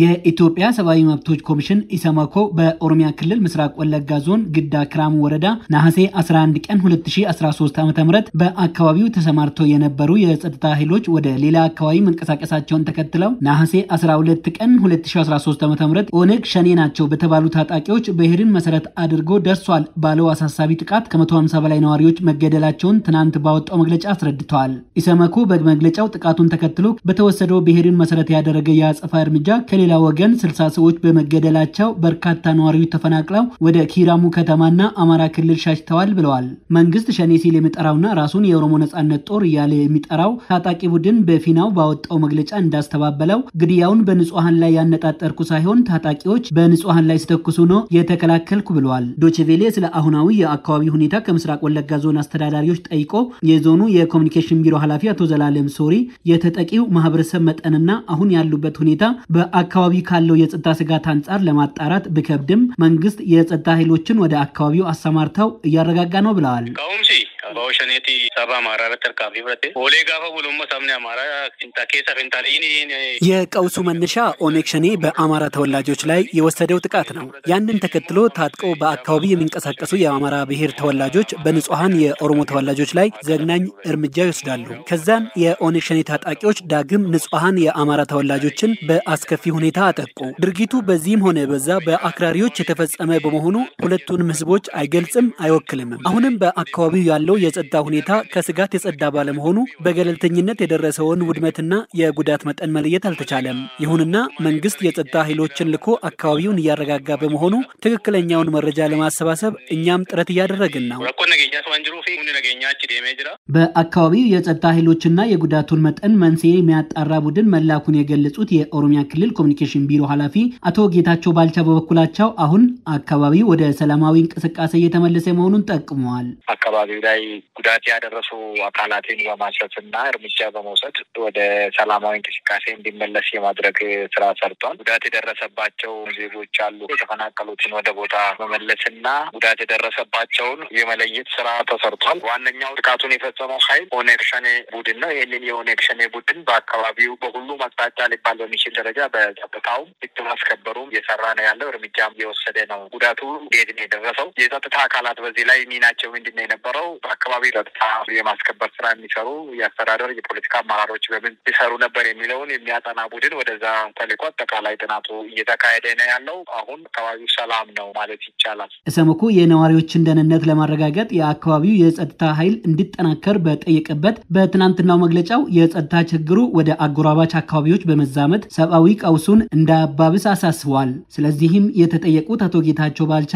የኢትዮጵያ ሰብአዊ መብቶች ኮሚሽን ኢሰመኮ በኦሮሚያ ክልል ምስራቅ ወለጋ ዞን ግዳ ክራሙ ወረዳ ነሐሴ 11 ቀን 2013 ዓ ም በአካባቢው ተሰማርተው የነበሩ የጸጥታ ኃይሎች ወደ ሌላ አካባቢ መንቀሳቀሳቸውን ተከትለው ነሐሴ 12 ቀን 2013 ዓ ም ኦነግ ሸኔ ናቸው በተባሉ ታጣቂዎች ብሔርን መሰረት አድርጎ ደርሷል ባለው አሳሳቢ ጥቃት ከ150 በላይ ነዋሪዎች መገደላቸውን ትናንት ባወጣው መግለጫ አስረድተዋል። ኢሰመኮ በመግለጫው ጥቃቱን ተከትሎ በተወሰደው ብሔርን መሰረት ያደረገ የአጸፋ እርምጃ በሌላ ወገን ስልሳ ሰዎች በመገደላቸው በርካታ ነዋሪዎች ተፈናቅለው ወደ ኪራሙ ከተማና አማራ ክልል ሻጭተዋል ብለዋል። መንግስት ሸኔ ሲል የሚጠራውና ራሱን የኦሮሞ ነጻነት ጦር እያለ የሚጠራው ታጣቂ ቡድን በፊናው ባወጣው መግለጫ እንዳስተባበለው ግድያውን በንጹሐን ላይ ያነጣጠርኩ ሳይሆን ታጣቂዎች በንጹሐን ላይ ስተኩሱ ነው የተከላከልኩ ብለዋል። ዶችቬሌ ስለ አሁናዊ የአካባቢ ሁኔታ ከምስራቅ ወለጋ ዞን አስተዳዳሪዎች ጠይቆ የዞኑ የኮሚኒኬሽን ቢሮ ኃላፊ አቶ ዘላለም ሶሪ የተጠቂው ማህበረሰብ መጠንና አሁን ያሉበት ሁኔታ በአካ አካባቢ ካለው የጸጥታ ስጋት አንጻር ለማጣራት ብከብድም መንግስት የጸጥታ ኃይሎችን ወደ አካባቢው አሰማርተው እያረጋጋ ነው ብለዋል። Bawushaneeti ሳባ አማራ ረት ርካፊ ፍረቴ ኦሌ ጋፈ ቡሉመ ሰብነ አማራ ፊንታ ኬሳ ፊንታሌ የቀውሱ መነሻ ኦነግ ሸኔ በአማራ ተወላጆች ላይ የወሰደው ጥቃት ነው። ያንን ተከትሎ ታጥቀው በአካባቢ የሚንቀሳቀሱ የአማራ ብሔር ተወላጆች በንጹሐን የኦሮሞ ተወላጆች ላይ ዘግናኝ እርምጃ ይወስዳሉ። ከዛም የኦነግ ሸኔ ታጣቂዎች ዳግም ንጹሐን የአማራ ተወላጆችን በአስከፊ ሁኔታ አጠቁ። ድርጊቱ በዚህም ሆነ በዛ በአክራሪዎች የተፈጸመ በመሆኑ ሁለቱንም ህዝቦች አይገልጽም፣ አይወክልምም። አሁንም በአካባቢው ያለው የጸጥታ ሁኔታ ከስጋት የጸዳ ባለመሆኑ በገለልተኝነት የደረሰውን ውድመትና የጉዳት መጠን መለየት አልተቻለም። ይሁንና መንግስት የጸጥታ ኃይሎችን ልኮ አካባቢውን እያረጋጋ በመሆኑ ትክክለኛውን መረጃ ለማሰባሰብ እኛም ጥረት እያደረግን ነው። በአካባቢው የጸጥታ ኃይሎችና የጉዳቱን መጠን መንስኤ የሚያጣራ ቡድን መላኩን የገለጹት የኦሮሚያ ክልል ኮሚኒኬሽን ቢሮ ኃላፊ አቶ ጌታቸው ባልቻ በበኩላቸው አሁን አካባቢው ወደ ሰላማዊ እንቅስቃሴ እየተመለሰ መሆኑን ጠቅመዋል። አካባቢው ላይ ጉዳት ያደረሱ አካላትን በማስረት እና እርምጃ በመውሰድ ወደ ሰላማዊ እንቅስቃሴ እንዲመለስ የማድረግ ስራ ሰርቷል። ጉዳት የደረሰባቸው ዜጎች አሉ። የተፈናቀሉትን ወደ ቦታ መመለስ እና ጉዳት የደረሰባቸውን የመለየት ስራ ተሰርቷል። ዋነኛው ጥቃቱን የፈጸመው ኃይል ኦነግ ሸኔ ቡድን ነው። ይህንን የኦነግ ሸኔ ቡድን በአካባቢው በሁሉም አቅጣጫ ሊባል በሚችል ደረጃ በጸጥታውም ህግ ማስከበሩም እየሰራ ነው ያለው እርምጃም እየወሰደ ነው። ጉዳቱ እንዴት ነው የደረሰው? የጸጥታ አካላት በዚህ ላይ ሚናቸው ምንድን ነው? የነበረው በአካባቢ ጸጥታ የማስከበር ስራ የሚሰሩ የአስተዳደር የፖለቲካ አመራሮች በምን ይሰሩ ነበር የሚለውን የሚያጠና ቡድን ወደዛ ተልኮ አጠቃላይ ጥናቱ እየተካሄደ ነው ያለው። አሁን አካባቢው ሰላም ነው ማለት ይቻላል። ኢሰመኮ የነዋሪዎችን ደህንነት ለማረጋገጥ የአካባቢው የጸጥታ ኃይል እንዲጠናከር በጠየቀበት በትናንትናው መግለጫው የጸጥታ ችግሩ ወደ አጎራባች አካባቢዎች በመዛመት ሰብአዊ ቀውሱን እንዳያባብስ አሳስበዋል። ስለዚህም የተጠየቁት አቶ ጌታቸው ባልቻ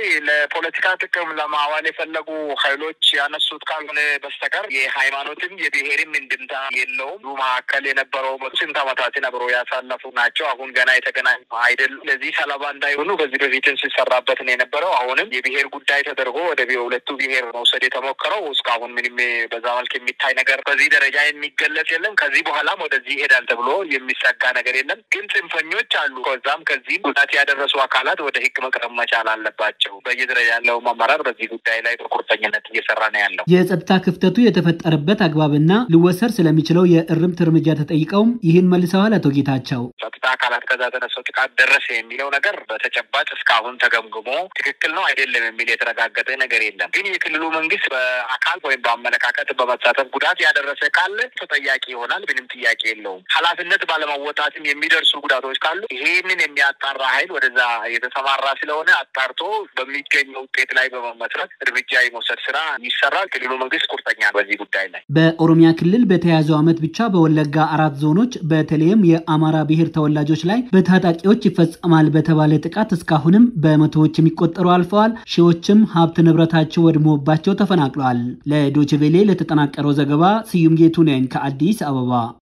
ላይ ለፖለቲካ ጥቅም ለማዋል የፈለጉ ኃይሎች ያነሱት ካልሆነ በስተቀር የሃይማኖትም የብሔርም እንድምታ የለውም። መካከል የነበረው ስንት ዓመታትን አብሮ ያሳለፉ ናቸው። አሁን ገና የተገናኙ አይደሉም። ለዚህ ሰለባ እንዳይሆኑ በዚህ በፊትም ሲሰራበት ነው የነበረው። አሁንም የብሔር ጉዳይ ተደርጎ ወደ ሁለቱ ብሔር መውሰድ የተሞከረው እስካሁን ምንም በዛ መልክ የሚታይ ነገር በዚህ ደረጃ የሚገለጽ የለም። ከዚህ በኋላም ወደዚህ ይሄዳል ተብሎ የሚሰጋ ነገር የለም። ግን ጽንፈኞች አሉ። ከዛም ከዚህም ጉዳት ያደረሱ አካላት ወደ ህግ መቅረብ መቻል አለባቸው። ናቸው። በየደረጃ ያለው አመራር በዚህ ጉዳይ ላይ በቁርጠኝነት እየሰራ ነው ያለው። የጸጥታ ክፍተቱ የተፈጠረበት አግባብና ሊወሰድ ስለሚችለው የእርምት እርምጃ ተጠይቀውም ይህን መልሰዋል አቶ ጌታቸው። ጸጥታ አካላት ከዛ ተነሰው ጥቃት ደረሰ የሚለው ነገር በተጨባጭ እስካሁን ተገምግሞ ትክክል ነው አይደለም የሚል የተረጋገጠ ነገር የለም። ግን የክልሉ መንግስት በአካል ወይም በአመለካከት በመሳተፍ ጉዳት ያደረሰ ካለ ተጠያቂ ይሆናል። ምንም ጥያቄ የለውም። ኃላፊነት ባለመወጣትም የሚደርሱ ጉዳቶች ካሉ ይህንን የሚያጣራ ኃይል ወደዛ የተሰማራ ስለሆነ አጣርቶ በሚገኘው ውጤት ላይ በመመስረት እርምጃ የመውሰድ ስራ የሚሰራ ክልሉ መንግስት ቁርጠኛ በዚህ ጉዳይ ላይ። በኦሮሚያ ክልል በተያዘው ዓመት ብቻ በወለጋ አራት ዞኖች በተለይም የአማራ ብሔር ተወላጆች ላይ በታጣቂዎች ይፈጸማል በተባለ ጥቃት እስካሁንም በመቶዎች የሚቆጠሩ አልፈዋል። ሺዎችም ሀብት ንብረታቸው ወድሞባቸው ተፈናቅለዋል። ለዶችቬሌ ለተጠናቀረው ዘገባ ስዩም ጌቱ ነኝ ከአዲስ አበባ።